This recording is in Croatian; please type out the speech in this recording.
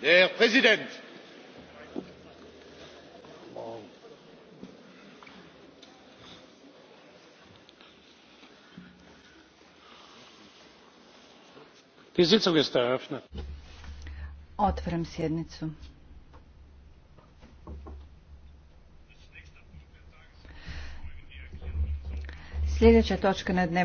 herr präsident! otvaram sjednicu. sljedeća točka na dnevnom